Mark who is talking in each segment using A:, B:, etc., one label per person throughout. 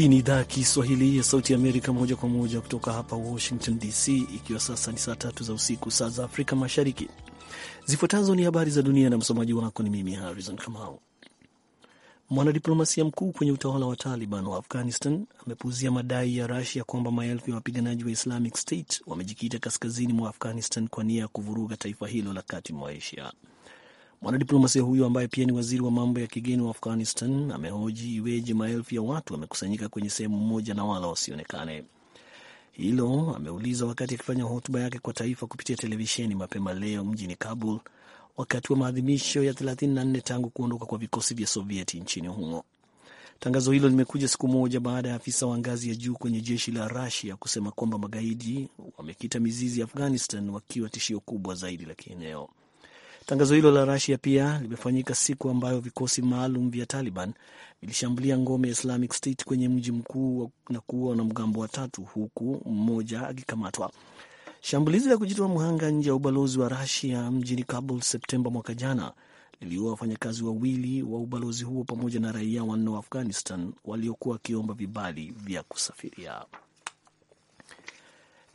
A: Hii ni idhaa ya Kiswahili ya Sauti ya Amerika, moja kwa moja kutoka hapa Washington DC, ikiwa sasa ni saa tatu za usiku, saa za Afrika Mashariki. Zifuatazo ni habari za dunia, na msomaji wako ni mimi Harrison Kamau. Mwanadiplomasia mkuu kwenye utawala wa Taliban wa Afghanistan amepuzia madai ya Rusia kwamba maelfu ya wapiganaji wa Islamic State wamejikita kaskazini mwa Afghanistan kwa nia ya kuvuruga taifa hilo la kati mwa Asia. Mwanadiplomasia huyo ambaye pia ni waziri wa mambo ya kigeni wa Afghanistan amehoji iweje maelfu ya watu wamekusanyika kwenye sehemu moja na wala wasionekane. Hilo ameuliza wakati akifanya hotuba yake kwa taifa kupitia televisheni mapema leo mjini Kabul, wakati wa maadhimisho ya 34 tangu kuondoka kwa vikosi vya Sovieti nchini humo. Tangazo hilo limekuja siku moja baada ya afisa wa ngazi ya juu kwenye jeshi la Rusia kusema kwamba magaidi wamekita mizizi Afghanistan wakiwa tishio kubwa zaidi la kieneo. Tangazo hilo la Rasia pia limefanyika siku ambayo vikosi maalum vya Taliban vilishambulia ngome ya Islamic State kwenye mji mkuu na kuua wanamgambo watatu huku mmoja akikamatwa. Shambulizi la kujitoa mhanga nje ya ubalozi wa Rasia mjini Kabul Septemba mwaka jana liliua wafanyakazi wawili wa ubalozi huo pamoja na raia wanne wa Afghanistan waliokuwa wakiomba vibali vya kusafiria.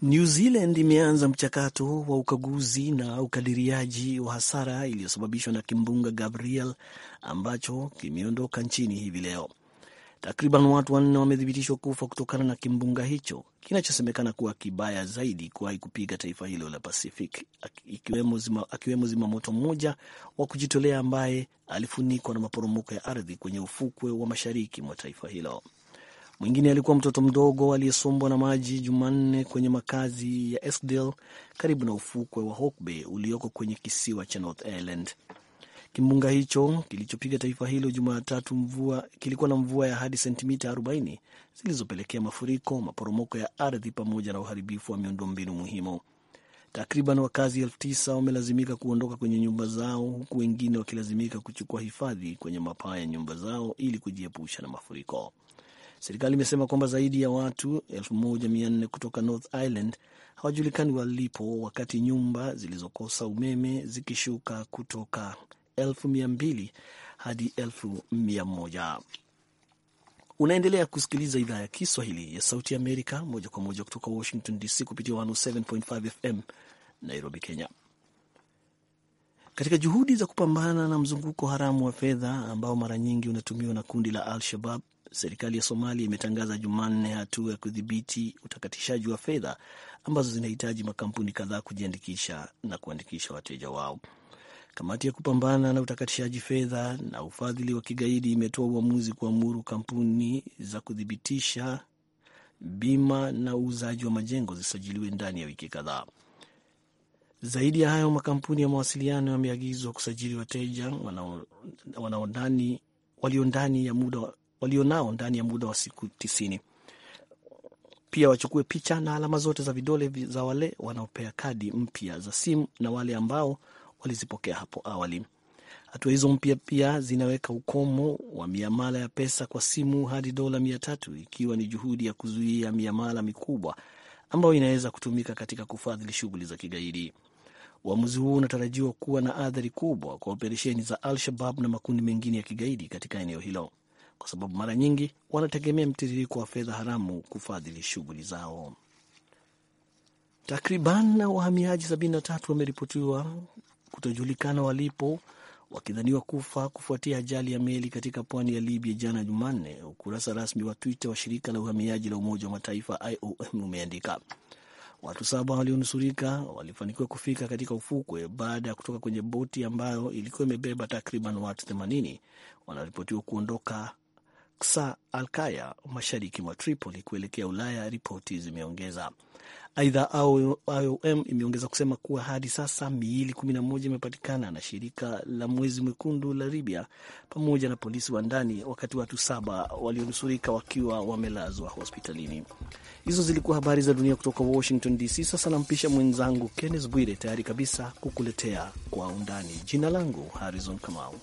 A: New Zealand imeanza mchakato wa ukaguzi na ukadiriaji wa hasara iliyosababishwa na kimbunga Gabriel ambacho kimeondoka nchini hivi leo. Takriban watu wanne wamethibitishwa kufa kutokana na kimbunga hicho kinachosemekana kuwa kibaya zaidi kuwahi kupiga taifa hilo la Pacific, akiwemo zima, akiwemo zimamoto mmoja wa kujitolea ambaye alifunikwa na maporomoko ya ardhi kwenye ufukwe wa mashariki mwa taifa hilo. Mwingine alikuwa mtoto mdogo aliyesombwa na maji Jumanne kwenye makazi ya Eskdale karibu na ufukwe wa Hawke Bay ulioko kwenye kisiwa cha North Island. Kimbunga hicho kilichopiga taifa hilo Jumatatu mvua kilikuwa na mvua ya hadi sentimita 40 zilizopelekea mafuriko, maporomoko ya ardhi pamoja na uharibifu wa miundombinu muhimu. Takriban wakazi elfu tisa wamelazimika kuondoka kwenye nyumba zao huku wengine wakilazimika kuchukua hifadhi kwenye mapaa ya nyumba zao ili kujiepusha na mafuriko. Serikali imesema kwamba zaidi ya watu 1400 kutoka North Island hawajulikani walipo, wakati nyumba zilizokosa umeme zikishuka kutoka 1200 hadi 1100. Unaendelea kusikiliza idhaa ya Kiswahili ya Sauti ya Amerika moja kwa moja kutoka Washington DC kupitia 107.5 FM Nairobi, Kenya. Katika juhudi za kupambana na mzunguko haramu wa fedha ambao mara nyingi unatumiwa na kundi la Al Shabab serikali ya Somalia imetangaza Jumanne hatua ya kudhibiti utakatishaji wa fedha ambazo zinahitaji makampuni kadhaa kujiandikisha na kuandikisha wateja wao. Kamati ya kupambana na utakatishaji fedha na ufadhili wa kigaidi imetoa uamuzi kuamuru kampuni za kuthibitisha bima na uuzaji wa majengo zisajiliwe ndani ya wiki kadhaa. Zaidi ya hayo, makampuni ya mawasiliano yameagizwa kusajili wateja walio ndani ya muda walionao ndani ya muda wa siku tisini. Pia wachukue picha na alama zote za vidole za wale wanaopea kadi mpya za simu na wale ambao walizipokea hapo awali. Hatua hizo mpya pia zinaweka ukomo wa miamala ya pesa kwa simu hadi dola mia tatu ikiwa ni juhudi ya kuzuia miamala mikubwa ambayo inaweza kutumika katika kufadhili shughuli za kigaidi. Uamuzi huo unatarajiwa kuwa na athari kubwa kwa operesheni za Al-Shabab na makundi mengine ya kigaidi katika eneo hilo kwa sababu mara nyingi wanategemea mtiririko wa fedha haramu kufadhili shughuli zao. Takriban wahamiaji 73 wameripotiwa kutojulikana walipo wakidhaniwa kufa kufuatia ajali ya meli katika pwani ya Libya jana Jumanne, ukurasa rasmi wa Twitter wa shirika la uhamiaji la Umoja wa Mataifa IOM umeandika. Watu saba walionusurika walifanikiwa kufika katika ufukwe baada ya kutoka kwenye boti ambayo ilikuwa imebeba takriban watu 80 wanaripotiwa kuondoka Aksa Alkaya mashariki mwa Tripoli kuelekea Ulaya, ripoti zimeongeza. Aidha, IOM imeongeza kusema kuwa hadi sasa miili 11 imepatikana na shirika la Mwezi Mwekundu la Libya pamoja na polisi wa ndani, wakati watu saba walionusurika wakiwa wamelazwa hospitalini. Hizo zilikuwa habari za dunia kutoka Washington DC. Sasa nampisha mwenzangu Kenneth Bwire tayari kabisa kukuletea kwa undani. Jina langu Harrison Kamau.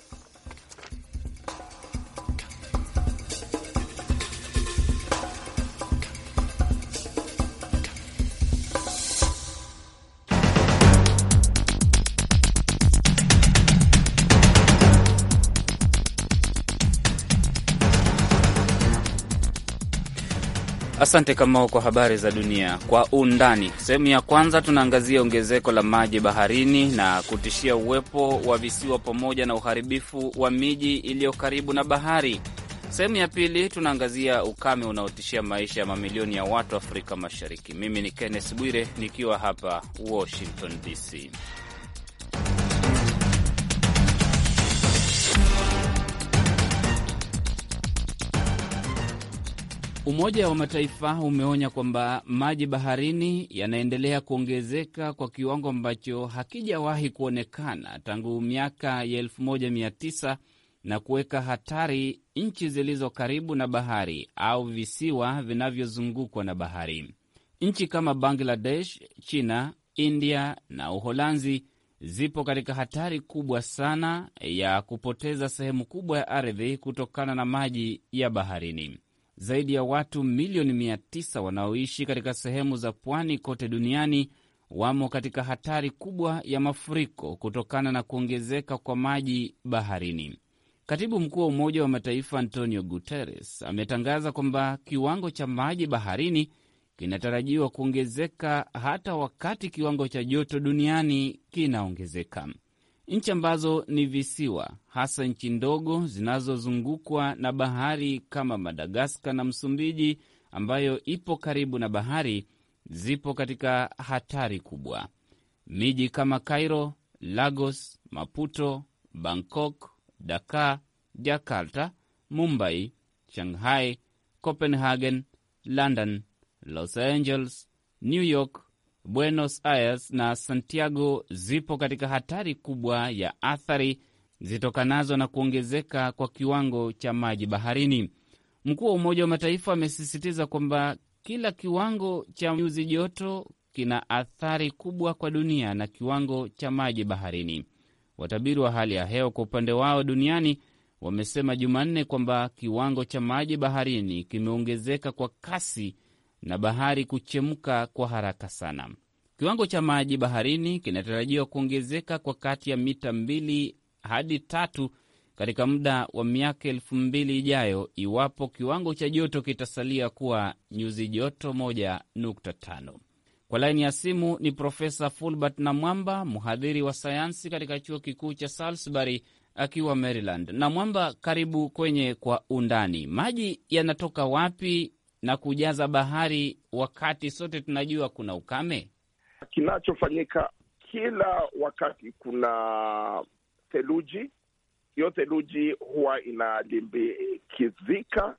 B: Asante Kamao kwa habari za dunia kwa undani. Sehemu ya kwanza tunaangazia ongezeko la maji baharini na kutishia uwepo wa visiwa pamoja na uharibifu wa miji iliyo karibu na bahari. Sehemu ya pili tunaangazia ukame unaotishia maisha ya mamilioni ya watu Afrika Mashariki. Mimi ni Kenneth Bwire nikiwa hapa Washington DC. Umoja wa Mataifa umeonya kwamba maji baharini yanaendelea kuongezeka kwa kiwango ambacho hakijawahi kuonekana tangu miaka ya 1900 na kuweka hatari nchi zilizo karibu na bahari au visiwa vinavyozungukwa na bahari. Nchi kama Bangladesh, China, India na Uholanzi zipo katika hatari kubwa sana ya kupoteza sehemu kubwa ya ardhi kutokana na maji ya baharini zaidi ya watu milioni mia wanaoishi katika sehemu za pwani kote duniani wamo katika hatari kubwa ya mafuriko kutokana na kuongezeka kwa maji baharini. Katibu mkuu wa Umoja wa Mataifa Antonio Guterres ametangaza kwamba kiwango cha maji baharini kinatarajiwa kuongezeka hata wakati kiwango cha joto duniani kinaongezeka nchi ambazo ni visiwa, hasa nchi ndogo zinazozungukwa na bahari kama Madagaskar na Msumbiji ambayo ipo karibu na bahari, zipo katika hatari kubwa. Miji kama Cairo, Lagos, Maputo, Bangkok, Dakar, Jakarta, Mumbai, Shanghai, Copenhagen, London, Los Angeles, New York Buenos Aires na Santiago zipo katika hatari kubwa ya athari zitokanazo na kuongezeka kwa kiwango cha maji baharini. Mkuu wa Umoja wa Mataifa amesisitiza kwamba kila kiwango cha nyuzi joto kina athari kubwa kwa dunia na kiwango cha maji baharini. Watabiri wa hali ya hewa kwa upande wao duniani wamesema Jumanne kwamba kiwango cha maji baharini kimeongezeka kwa kasi na bahari kuchemka kwa haraka sana. Kiwango cha maji baharini kinatarajiwa kuongezeka kwa kati ya mita mbili hadi tatu katika muda wa miaka elfu mbili ijayo iwapo kiwango cha joto kitasalia kuwa nyuzi joto moja nukta tano. Kwa laini ya simu ni Profesa Fulbert Namwamba, mhadhiri wa sayansi katika chuo kikuu cha Salisbury akiwa Maryland. Namwamba, karibu kwenye Kwa Undani. Maji yanatoka wapi na kujaza bahari, wakati sote tunajua kuna ukame? Kinachofanyika
C: kila wakati kuna theluji. Hiyo theluji huwa inalimbikizika,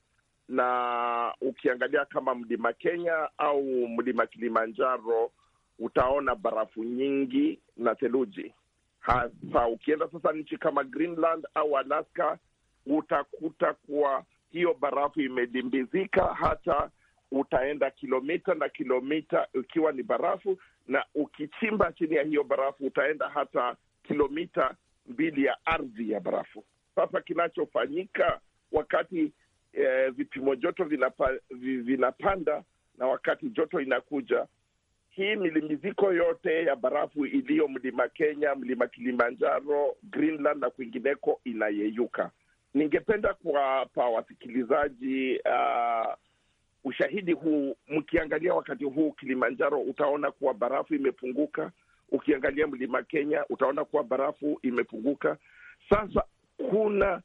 C: na ukiangalia kama mlima Kenya au mlima Kilimanjaro utaona barafu nyingi na theluji hasa. Ukienda sasa nchi kama Greenland au Alaska utakuta kuwa hiyo barafu imedimbizika, hata utaenda kilomita na kilomita ikiwa ni barafu, na ukichimba chini ya hiyo barafu utaenda hata kilomita mbili ya ardhi ya barafu. Sasa kinachofanyika wakati eh, vipimo joto vinapa, vinapanda na wakati joto inakuja, hii milimbiziko yote ya barafu iliyo mlima Kenya, mlima Kilimanjaro, Greenland na kwingineko inayeyuka ningependa kuwapa wasikilizaji uh, ushahidi huu. Mkiangalia wakati huu Kilimanjaro, utaona kuwa barafu imepunguka. Ukiangalia mlima Kenya, utaona kuwa barafu imepunguka. Sasa kuna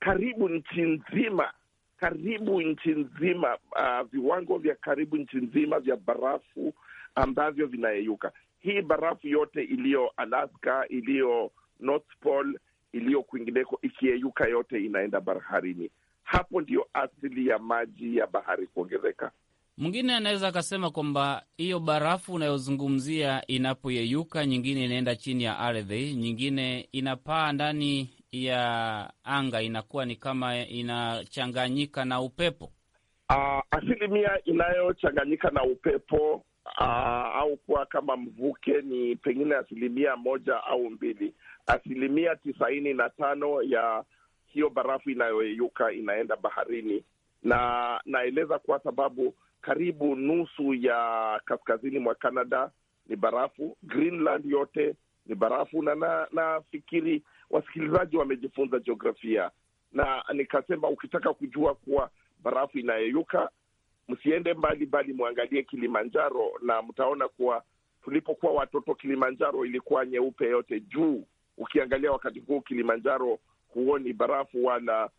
C: karibu nchi nzima, karibu nchi nzima, uh, viwango vya karibu nchi nzima vya barafu ambavyo vinayeyuka. Hii barafu yote iliyo Alaska, iliyo North Pole iliyo kwingineko ikiyeyuka yote inaenda baharini. Hapo ndiyo asili ya maji ya bahari kuongezeka.
B: Mwingine anaweza akasema kwamba hiyo barafu unayozungumzia inapoyeyuka, nyingine inaenda chini ya ardhi, nyingine inapaa ndani ya anga, inakuwa ni kama inachanganyika na upepo.
C: Uh, asilimia inayochanganyika na upepo uh, au kuwa kama mvuke ni pengine asilimia moja au mbili. Asilimia tisaini na tano ya hiyo barafu inayoyeyuka inaenda baharini, na naeleza kwa sababu karibu nusu ya kaskazini mwa Canada ni barafu, Greenland yote ni barafu, na nafikiri na wasikilizaji wamejifunza jiografia, na nikasema ukitaka kujua kuwa barafu inayeyuka msiende mbali mbali, mwangalie Kilimanjaro na mtaona kuwa tulipokuwa watoto Kilimanjaro ilikuwa nyeupe yote juu. Ukiangalia wakati huu Kilimanjaro huoni barafu wala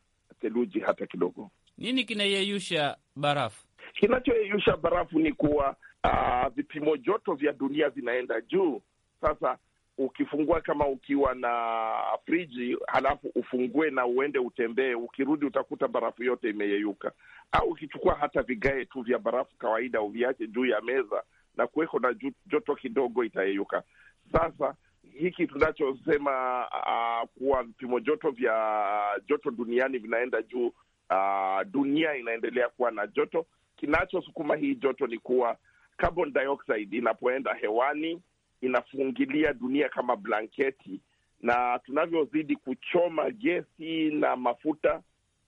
C: theluji hata kidogo.
B: Nini kinayeyusha barafu? Kinachoyeyusha
C: barafu ni kuwa uh, vipimo joto vya dunia vinaenda juu. Sasa ukifungua kama ukiwa na friji halafu ufungue na uende utembee, ukirudi utakuta barafu yote imeyeyuka. Au ukichukua hata vigae tu vya barafu kawaida uviache juu ya meza na kuweko na joto kidogo, itayeyuka. Sasa hiki tunachosema uh, kuwa vipimo joto vya joto duniani vinaenda juu, uh, dunia inaendelea kuwa na joto. Kinachosukuma hii joto ni kuwa carbon dioxide inapoenda hewani inafungilia dunia kama blanketi, na tunavyozidi kuchoma gesi na mafuta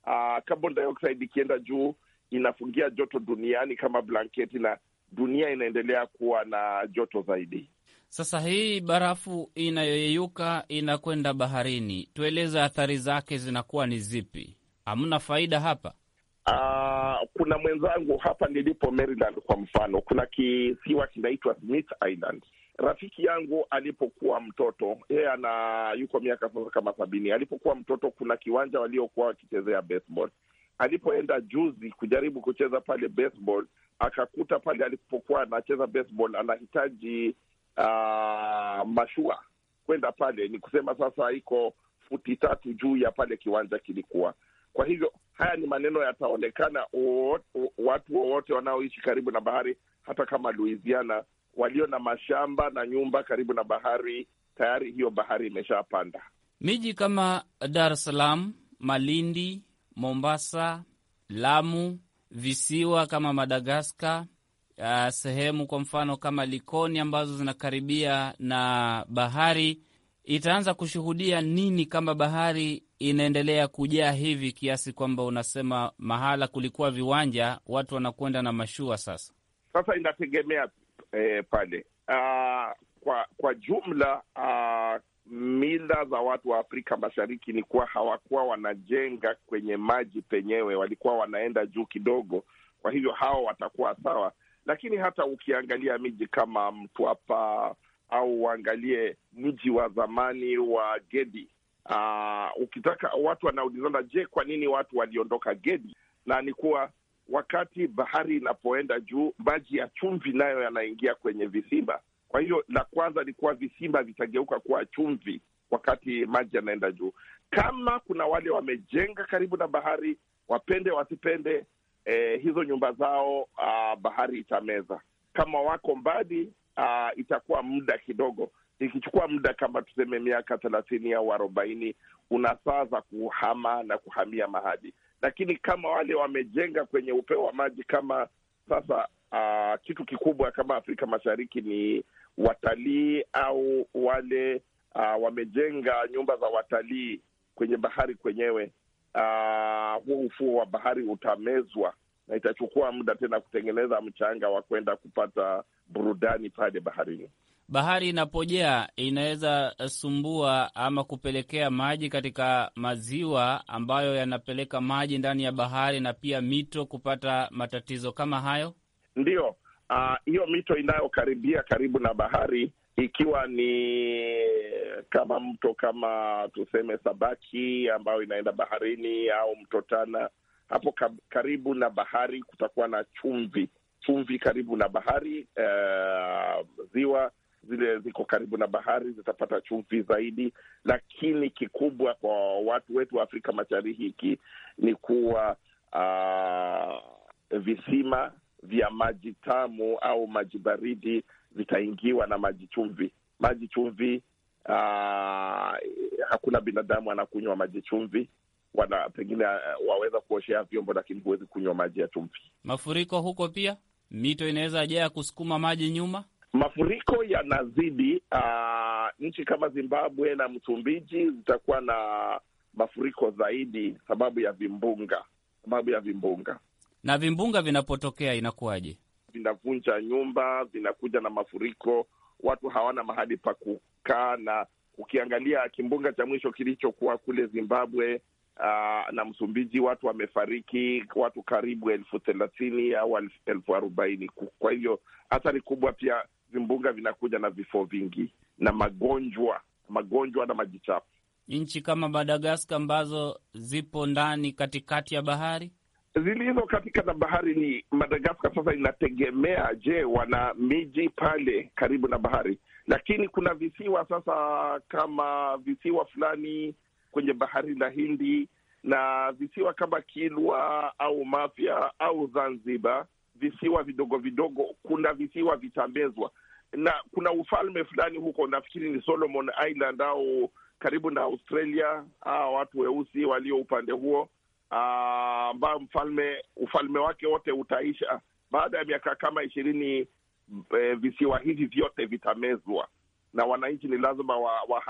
C: uh, carbon dioxide ikienda juu inafungia joto duniani kama blanketi, na dunia inaendelea kuwa na joto zaidi.
B: Sasa hii barafu inayoyeyuka inakwenda baharini, tueleze athari zake zinakuwa ni zipi? Hamna faida hapa.
C: Uh, kuna mwenzangu hapa nilipo Maryland, kwa mfano, kuna kisiwa kinaitwa Smith Island rafiki yangu alipokuwa mtoto, yeye ana yuko miaka sasa kama sabini. Alipokuwa mtoto, kuna kiwanja waliokuwa wakichezea baseball. Alipoenda juzi kujaribu kucheza pale baseball, akakuta pale alipokuwa anacheza baseball anahitaji uh, mashua kwenda pale, ni kusema sasa iko futi tatu juu ya pale kiwanja kilikuwa. Kwa hivyo haya ni maneno yataonekana watu wowote wanaoishi karibu na bahari, hata kama Louisiana walio na mashamba na nyumba karibu na bahari, tayari hiyo bahari imeshapanda.
B: Miji kama Dar es Salaam, Malindi, Mombasa, Lamu, visiwa kama Madagaskar, uh, sehemu kwa mfano kama Likoni ambazo zinakaribia na bahari itaanza kushuhudia nini kama bahari inaendelea kujaa hivi kiasi kwamba unasema mahala kulikuwa viwanja watu wanakwenda na mashua sasa?
C: Sasa inategemea eh, pale uh, kwa kwa jumla uh, mila za watu wa Afrika Mashariki ni kuwa hawakuwa wanajenga kwenye maji penyewe, walikuwa wanaenda juu kidogo. Kwa hivyo hawa watakuwa sawa, lakini hata ukiangalia miji kama Mtwapa au uangalie mji wa zamani wa Gedi. uh, ukitaka watu wanaulizana, je, kwa nini watu waliondoka Gedi? Na ni kuwa wakati bahari inapoenda juu, maji ya chumvi nayo yanaingia kwenye visimba. Kwa hiyo la kwanza ni kuwa visimba vitageuka kuwa chumvi wakati maji yanaenda juu. Kama kuna wale wamejenga karibu na bahari, wapende wasipende, eh, hizo nyumba zao, ah, bahari itameza. Kama wako mbali, ah, itakuwa muda kidogo ikichukua muda kama tuseme miaka thelathini au arobaini una saa za kuhama na kuhamia mahali lakini kama wale wamejenga kwenye upeo wa maji kama sasa uh, kitu kikubwa kama Afrika Mashariki ni watalii au wale uh, wamejenga nyumba za watalii kwenye bahari kwenyewe, uh, huo ufuo wa bahari utamezwa na itachukua muda tena kutengeneza mchanga wa kwenda kupata burudani pale baharini
B: bahari inapojaa inaweza eh, sumbua ama kupelekea maji katika maziwa ambayo yanapeleka maji ndani ya bahari na pia mito kupata matatizo kama hayo?
C: Ndiyo, ah, hiyo uh, mito inayokaribia karibu na bahari ikiwa ni kama mto kama tuseme Sabaki ambayo inaenda baharini au mto Tana, hapo karibu na bahari kutakuwa na chumvi chumvi karibu na bahari uh, ziwa zile ziko karibu na bahari zitapata chumvi zaidi, lakini kikubwa kwa watu wetu wa Afrika Mashariki ni kuwa uh, visima vya maji tamu au maji baridi vitaingiwa na maji chumvi. Maji chumvi uh, hakuna binadamu anakunywa maji chumvi wana pengine ah, waweza kuoshea vyombo lakini huwezi kunywa maji ya chumvi.
B: Mafuriko huko pia, mito inaweza jaa kusukuma maji nyuma. Mafuriko yanazidi uh,
C: nchi kama Zimbabwe na Msumbiji zitakuwa na mafuriko zaidi sababu ya vimbunga, sababu ya vimbunga.
B: Na vimbunga vinapotokea inakuwaje?
C: Vinavunja nyumba, vinakuja na mafuriko, watu hawana mahali pa kukaa. Na ukiangalia kimbunga cha mwisho kilichokuwa kule Zimbabwe Uh, na Msumbiji watu wamefariki, watu karibu elfu thelathini au elfu arobaini. Kwa hivyo athari kubwa pia vimbunga vinakuja na vifo vingi na magonjwa magonjwa na maji chafu.
B: Nchi kama Madagaska ambazo zipo ndani katikati ya bahari
C: zilizo katika na bahari ni Madagaskar. Sasa inategemea, je, wana miji pale karibu na bahari? Lakini kuna visiwa sasa, kama visiwa fulani kwenye bahari la Hindi na visiwa kama Kilwa au Mafia au Zanzibar visiwa vidogo vidogo, kuna visiwa vitambezwa na kuna ufalme fulani huko, nafikiri ni Solomon Island au karibu na Australia, hawa watu weusi walio upande huo ah, ambao mfalme ufalme wake wote utaisha baada ya miaka kama ishirini. E, visiwa hivi vyote vitamezwa na wananchi ni lazima wa,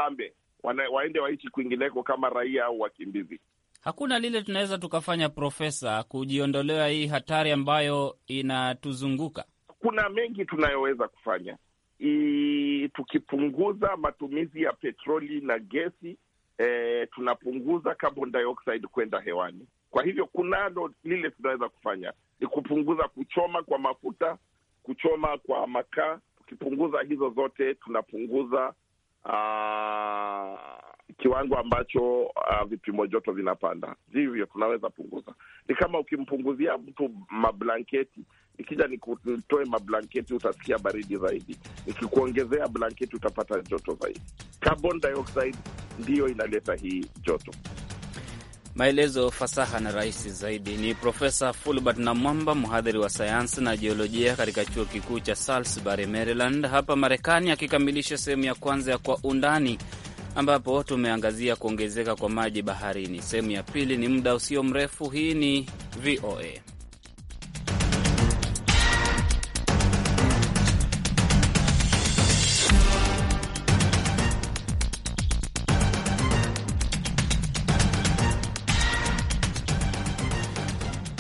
C: wana, waende waishi kwingineko kama raia au wakimbizi.
B: Hakuna lile tunaweza tukafanya, Profesa, kujiondolewa hii hatari ambayo inatuzunguka.
C: Kuna mengi tunayoweza kufanya I, tukipunguza matumizi ya petroli na gesi e, tunapunguza carbon dioxide kwenda hewani. Kwa hivyo kunalo lile tunaweza kufanya ni kupunguza kuchoma kwa mafuta, kuchoma kwa makaa. Tukipunguza hizo zote tunapunguza aa, kiwango ambacho uh, vipimo joto vinapanda, ndivyo tunaweza punguza. Ni kama ukimpunguzia mtu mablanketi, ikija nikutoe mablanketi utasikia baridi zaidi, nikikuongezea blanketi utapata joto zaidi. Carbon dioxide ndiyo inaleta hii
B: joto. Maelezo fasaha na rahisi zaidi ni Profesa Fulbert Namwamba, mhadhiri wa sayansi na jiolojia katika chuo kikuu cha Salisbury, Maryland, hapa Marekani, akikamilisha sehemu ya kwanza ya Kwa Undani ambapo tumeangazia kuongezeka kwa maji baharini. Sehemu ya pili ni muda usio mrefu. Hii ni VOA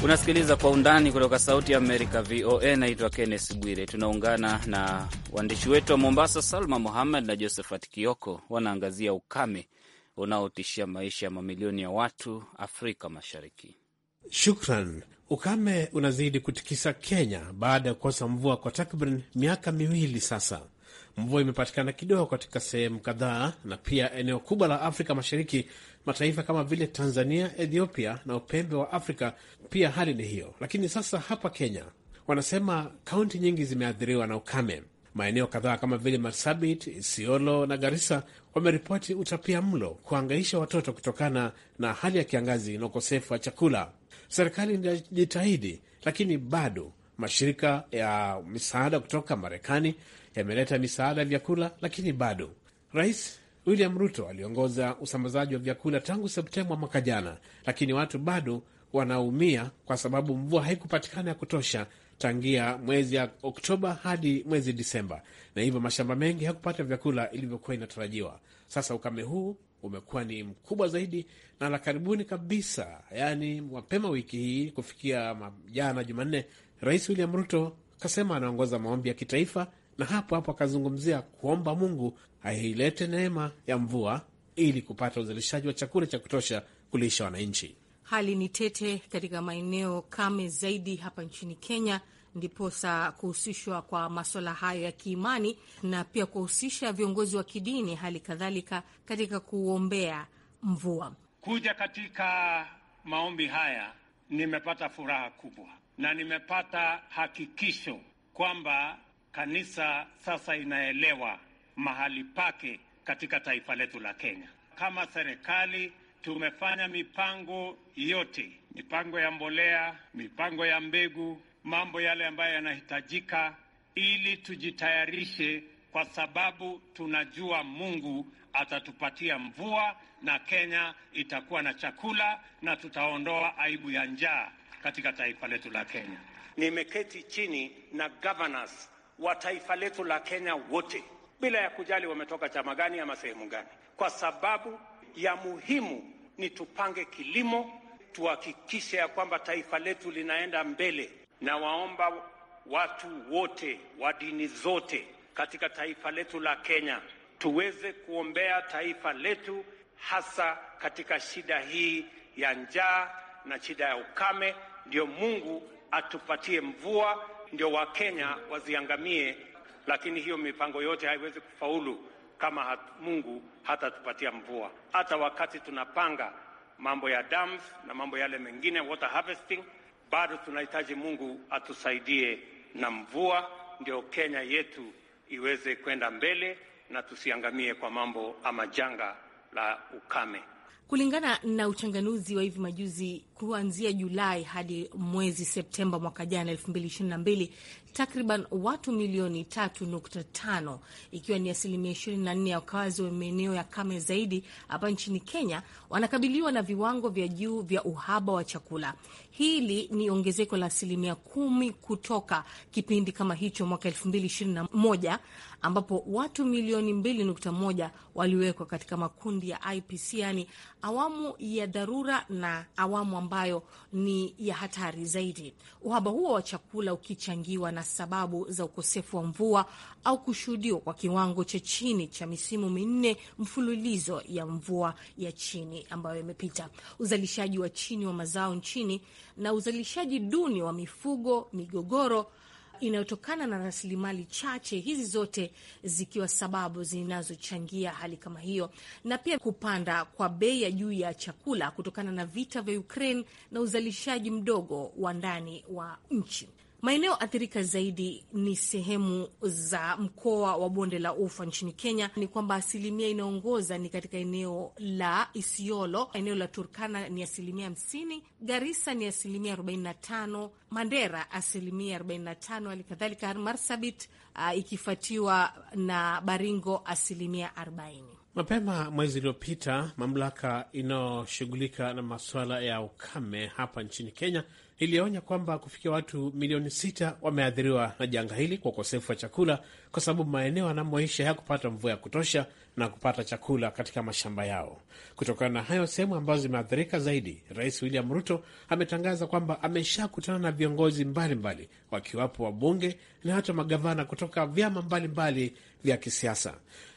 B: Unasikiliza kwa undani kutoka Sauti ya Amerika, VOA. Naitwa kennes Bwire. Tunaungana na waandishi wetu wa Mombasa, Salma Muhammad na Josephat Kioko, wanaangazia ukame unaotishia maisha ya mamilioni ya watu Afrika Mashariki.
D: Shukran. Ukame unazidi kutikisa Kenya baada ya kukosa mvua kwa takriban miaka miwili sasa. Mvua imepatikana kidogo katika sehemu kadhaa na pia eneo kubwa la Afrika Mashariki, mataifa kama vile Tanzania, Ethiopia na upembe wa Afrika pia hali ni hiyo. Lakini sasa hapa Kenya wanasema kaunti nyingi zimeathiriwa na ukame. Maeneo kadhaa kama vile Marsabit, Isiolo na Garissa wameripoti utapia mlo kuangaisha watoto kutokana na hali ya kiangazi na ukosefu wa chakula. Serikali inajitahidi, lakini bado mashirika ya misaada kutoka Marekani yameleta misaada ya vyakula, lakini bado Rais William Ruto aliongoza usambazaji wa vyakula tangu Septemba mwaka jana, lakini watu bado wanaumia kwa sababu mvua haikupatikana ya kutosha tangia mwezi ya Oktoba hadi mwezi Disemba, na hivyo mashamba mengi hayakupata vyakula ilivyokuwa inatarajiwa. Sasa ukame huu umekuwa ni mkubwa zaidi na la karibuni kabisa, yaani mapema wiki hii kufikia jana Jumanne, Rais William Ruto kasema anaongoza maombi ya kitaifa na hapo hapo akazungumzia kuomba Mungu ailete neema ya mvua ili kupata uzalishaji wa chakula cha kutosha kulisha wananchi.
E: Hali ni tete katika maeneo kame zaidi hapa nchini Kenya, ndiposa kuhusishwa kwa maswala hayo ya kiimani na pia kuwahusisha viongozi wa kidini, hali kadhalika katika kuombea mvua.
F: Kuja katika maombi haya, nimepata furaha kubwa na nimepata hakikisho kwamba kanisa sasa inaelewa mahali pake katika taifa letu la Kenya. Kama serikali tumefanya mipango yote, mipango ya mbolea, mipango ya mbegu, mambo yale ambayo yanahitajika ili tujitayarishe, kwa sababu tunajua Mungu atatupatia mvua na Kenya itakuwa na chakula na tutaondoa aibu ya njaa katika taifa letu la Kenya. Nimeketi chini na governors wa taifa letu la Kenya wote bila ya kujali wametoka chama gani ama sehemu gani, kwa sababu ya muhimu ni tupange kilimo, tuhakikishe ya kwamba taifa letu linaenda mbele. Na waomba watu wote wa dini zote katika taifa letu la Kenya tuweze kuombea taifa letu, hasa katika shida hii ya njaa na shida ya ukame, ndio Mungu atupatie mvua ndio Wakenya waziangamie, lakini hiyo mipango yote haiwezi kufaulu kama hat, Mungu hatatupatia mvua. Hata wakati tunapanga mambo ya dams na mambo yale mengine water harvesting, bado tunahitaji Mungu atusaidie na mvua, ndio Kenya yetu iweze kwenda mbele na tusiangamie kwa mambo ama janga la ukame.
E: Kulingana na uchanganuzi wa hivi majuzi kuanzia Julai hadi mwezi Septemba mwaka jana 2022 takriban watu milioni 3.5 ikiwa ni asilimia 24 ya wakazi wa maeneo ya kame zaidi hapa nchini Kenya wanakabiliwa na viwango vya juu vya uhaba wa chakula. Hili ni ongezeko la asilimia kumi kutoka kipindi kama hicho mwaka 2021 ambapo watu milioni 2.1 waliwekwa katika makundi ya IPC, yani awamu ya dharura na awamu ambayo ni ya hatari zaidi. Uhaba huo wa chakula ukichangiwa na sababu za ukosefu wa mvua au kushuhudiwa kwa kiwango cha chini cha misimu minne mfululizo ya mvua ya chini ambayo imepita, uzalishaji wa chini wa mazao nchini na uzalishaji duni wa mifugo, migogoro inayotokana na rasilimali chache, hizi zote zikiwa sababu zinazochangia hali kama hiyo, na pia kupanda kwa bei ya juu ya chakula kutokana na vita vya Ukraine na uzalishaji mdogo wa ndani wa nchi. Maeneo athirika zaidi ni sehemu za mkoa wa bonde la ufa nchini Kenya. Ni kwamba asilimia inaongoza ni katika eneo la Isiolo, eneo la Turkana ni asilimia hamsini, garisa ni asilimia arobaini na tano, Mandera asilimia arobaini na tano, hali kadhalika Marsabit uh, ikifuatiwa na Baringo asilimia arobaini.
D: Mapema mwezi uliopita mamlaka inayoshughulika na masuala ya ukame hapa nchini Kenya ilionya kwamba kufikia watu milioni sita wameathiriwa na janga hili kwa ukosefu wa chakula, kwa sababu maeneo anamoisha hayakupata mvua ya kutosha na kupata chakula katika mashamba yao. Kutokana na hayo, sehemu ambazo zimeathirika zaidi, Rais William Ruto ametangaza kwamba ameshakutana na viongozi mbalimbali, wakiwapo wabunge na hata magavana kutoka vyama mbalimbali vya kisiasa.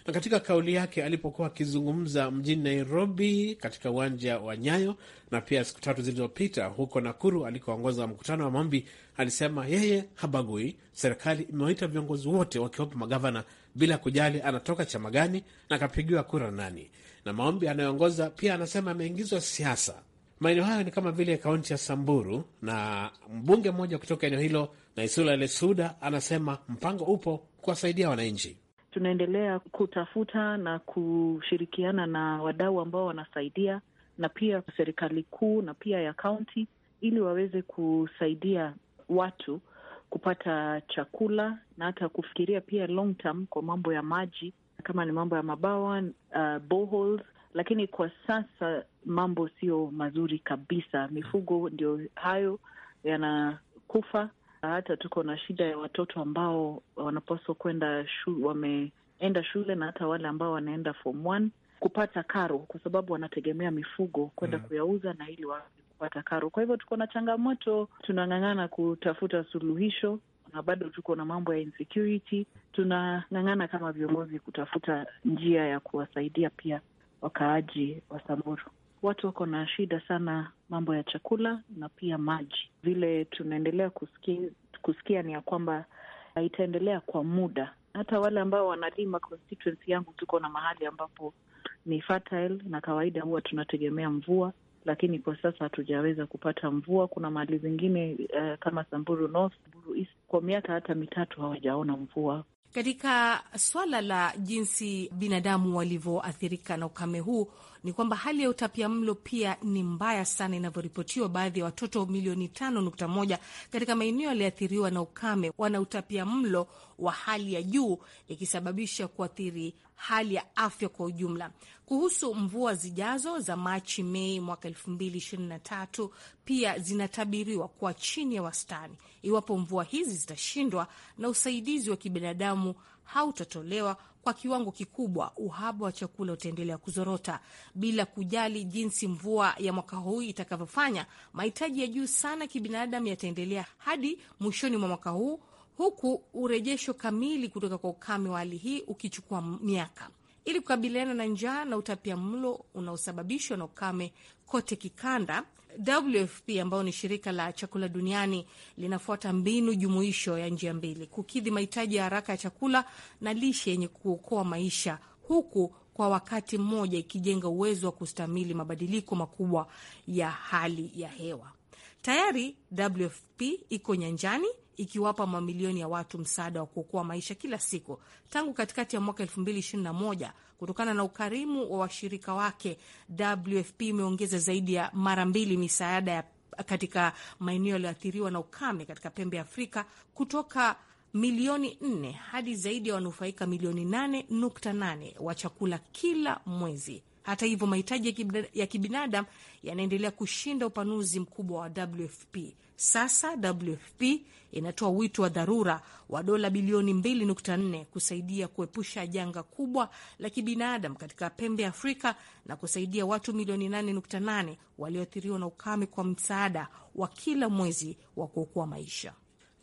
D: Na katika kauli yake alipokuwa akizungumza mjini Nairobi katika uwanja wa Nyayo na pia siku tatu zilizopita huko Nakuru alikoongoza mkutano wa maombi, alisema yeye habagui. Serikali imewaita viongozi wote wakiwapo magavana bila kujali anatoka chama gani na akapigiwa kura nani. Na maombi anayoongoza pia anasema ameingizwa siasa. Maeneo hayo ni kama vile kaunti ya Samburu, na mbunge mmoja kutoka eneo hilo Naisula Lesuda anasema mpango upo kuwasaidia wananchi.
G: Tunaendelea kutafuta na kushirikiana na wadau ambao wanasaidia na pia serikali kuu na pia ya kaunti, ili waweze kusaidia watu kupata chakula na hata kufikiria pia long term kwa mambo ya maji kama ni mambo ya mabawa uh, Lakini kwa sasa mambo sio mazuri kabisa, mifugo ndio hayo yanakufa. Hata tuko na shida ya watoto ambao wanapaswa kwenda shu, wameenda shule na hata wale ambao wanaenda form one kupata karo, kwa sababu wanategemea mifugo kwenda mm, kuyauza na ili wa kupata karo. Kwa hivyo tuko na changamoto, tunang'ang'ana kutafuta suluhisho na bado tuko na mambo ya insecurity. Tunang'ang'ana kama viongozi kutafuta njia ya kuwasaidia pia wakaaji wa Samburu. Watu wako na shida sana mambo ya chakula na pia maji. Vile tunaendelea kusikia, kusikia ni ya kwamba itaendelea kwa muda. Hata wale ambao wanalima constituency yangu, tuko na mahali ambapo ni fertile, na kawaida huwa tunategemea mvua lakini kwa sasa hatujaweza kupata mvua. Kuna mahali zingine uh, kama Samburu North, Samburu East, kwa miaka hata mitatu hawajaona mvua.
E: Katika swala la jinsi binadamu walivyoathirika na ukame huu ni kwamba hali ya utapia mlo pia ni mbaya sana, inavyoripotiwa baadhi ya watoto milioni tano nukta moja katika maeneo yaliyoathiriwa na ukame wana utapia mlo wa hali ya juu, ikisababisha kuathiri hali ya afya kwa ujumla. Kuhusu mvua zijazo za Machi, Mei mwaka elfu mbili ishirini na tatu pia zinatabiriwa kuwa chini ya wastani. Iwapo mvua hizi zitashindwa na usaidizi wa kibinadamu hautatolewa kwa kiwango kikubwa, uhaba wa chakula utaendelea kuzorota bila kujali jinsi mvua ya mwaka huu itakavyofanya. Mahitaji ya juu sana kibinadamu yataendelea hadi mwishoni mwa mwaka huu, huku urejesho kamili kutoka kwa ukame wa hali hii ukichukua miaka. Ili kukabiliana na njaa na utapia mlo unaosababishwa na ukame kote kikanda, WFP ambao ni shirika la chakula duniani linafuata mbinu jumuisho ya njia mbili kukidhi mahitaji ya haraka ya chakula na lishe yenye kuokoa maisha huku kwa wakati mmoja ikijenga uwezo wa kustahimili mabadiliko makubwa ya hali ya hewa. Tayari WFP iko nyanjani ikiwapa mamilioni ya watu msaada wa kuokoa maisha kila siku tangu katikati ya mwaka 2021. Kutokana na ukarimu wa washirika wake, WFP imeongeza zaidi ya mara mbili misaada ya katika maeneo yaliyoathiriwa na ukame katika pembe ya Afrika kutoka milioni nne hadi zaidi ya wanufaika milioni nane nukta nane wa chakula kila mwezi. Hata hivyo, mahitaji ya kibinadamu yanaendelea kushinda upanuzi mkubwa wa WFP. Sasa WFP inatoa wito wa dharura wa dola bilioni 2.4 kusaidia kuepusha janga kubwa la kibinadamu katika pembe ya Afrika na kusaidia watu milioni 8.8 walioathiriwa na ukame kwa msaada wa kila mwezi wa kuokoa maisha.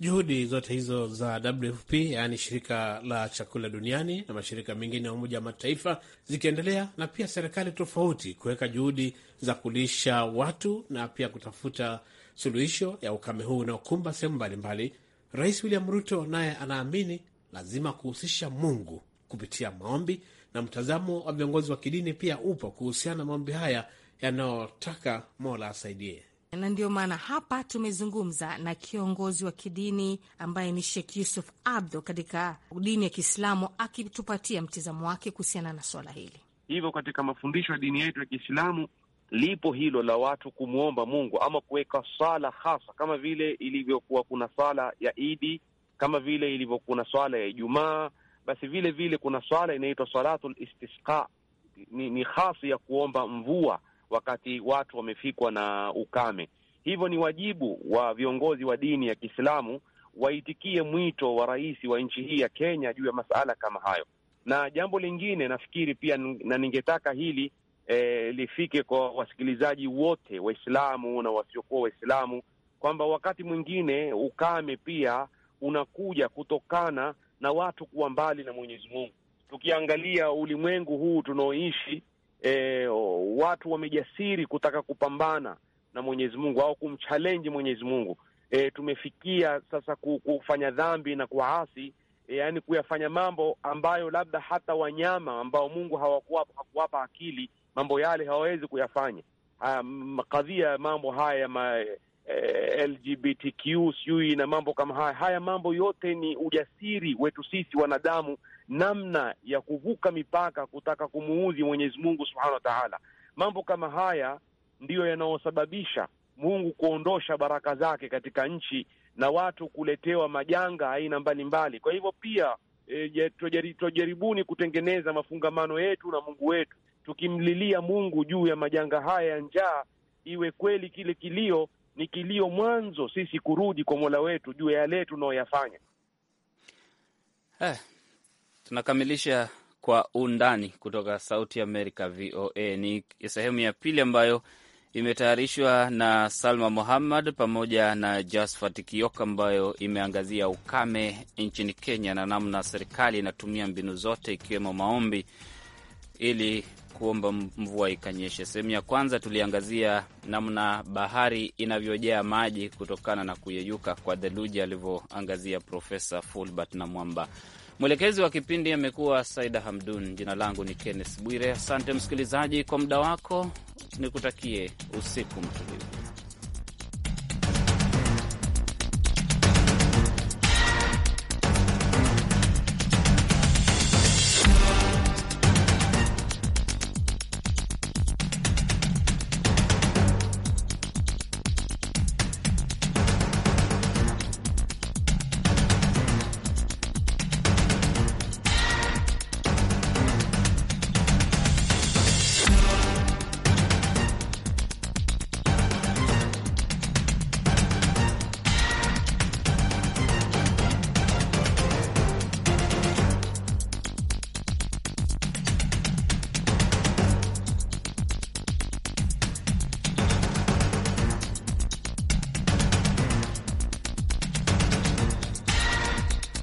D: Juhudi zote hizo za WFP yaani shirika la chakula duniani na mashirika mengine ya Umoja wa Mataifa zikiendelea na pia serikali tofauti kuweka juhudi za kulisha watu na pia kutafuta suluhisho ya ukame huu unaokumba sehemu mbalimbali. Rais William Ruto naye anaamini lazima kuhusisha Mungu kupitia maombi, na mtazamo wa viongozi wa kidini pia upo kuhusiana na maombi haya yanayotaka Mola asaidie
E: na ndio maana hapa tumezungumza na kiongozi wa kidini ambaye ni Sheikh Yusuf Abdo katika dini ya Kiislamu, akitupatia mtizamo wake kuhusiana na swala hili.
H: Hivyo, katika mafundisho ya dini yetu ya Kiislamu lipo hilo la watu kumwomba Mungu ama kuweka sala hasa, kama vile ilivyokuwa kuna sala ya Idi, kama vile ilivyokuwa kuna swala ya Ijumaa, basi vile vile kuna swala inaitwa salatul istisqa, ni, ni hasi ya kuomba mvua wakati watu wamefikwa na ukame. Hivyo ni wajibu wa viongozi wa dini ya Kiislamu waitikie mwito wa rais wa nchi hii ya Kenya juu ya masala kama hayo. Na jambo lingine nafikiri pia, na ningetaka hili eh, lifike kwa wasikilizaji wote Waislamu na wasiokuwa Waislamu kwamba wakati mwingine ukame pia unakuja kutokana na watu kuwa mbali na Mwenyezi Mungu. Tukiangalia ulimwengu huu tunaoishi, e, watu wamejasiri kutaka kupambana na Mwenyezi Mungu au kumchallenge Mwenyezi Mungu. E, tumefikia sasa kufanya dhambi na kuasi, e, eh, yaani kuyafanya mambo ambayo labda hata wanyama ambao Mungu hakuwapa akili mambo yale hawawezi kuyafanya. Um, kadhia ya mambo haya ma, eh, LGBTQ sijui na mambo kama haya, haya mambo yote ni ujasiri wetu sisi wanadamu, namna ya kuvuka mipaka, kutaka kumuudhi Mwenyezi Mungu subhanahu wa taala. Mambo kama haya ndiyo yanayosababisha Mungu kuondosha baraka zake katika nchi na watu kuletewa majanga aina mbalimbali. Kwa hivyo pia eh, e, tujaribuni kutengeneza mafungamano yetu na Mungu wetu tukimlilia Mungu juu ya majanga haya ya njaa, iwe kweli kile kilio ni kilio mwanzo sisi kurudi kwa Mola wetu juu ya yale tunayoyafanya.
B: Eh, tunakamilisha kwa undani kutoka Sauti ya Amerika VOA. Ni sehemu ya pili ambayo imetayarishwa na Salma Muhammad pamoja na Josphat Kioka ambayo imeangazia ukame nchini Kenya na namna serikali inatumia mbinu zote ikiwemo maombi ili kuomba mvua ikanyeshe. Sehemu ya kwanza tuliangazia namna bahari inavyojaa maji kutokana na kuyeyuka kwa theluji, alivyoangazia Profesa Fulbert na Mwamba. Mwelekezi wa kipindi amekuwa Saida Hamdun. Jina langu ni Kenneth Bwire. Asante msikilizaji kwa muda wako, nikutakie usiku mtulivu.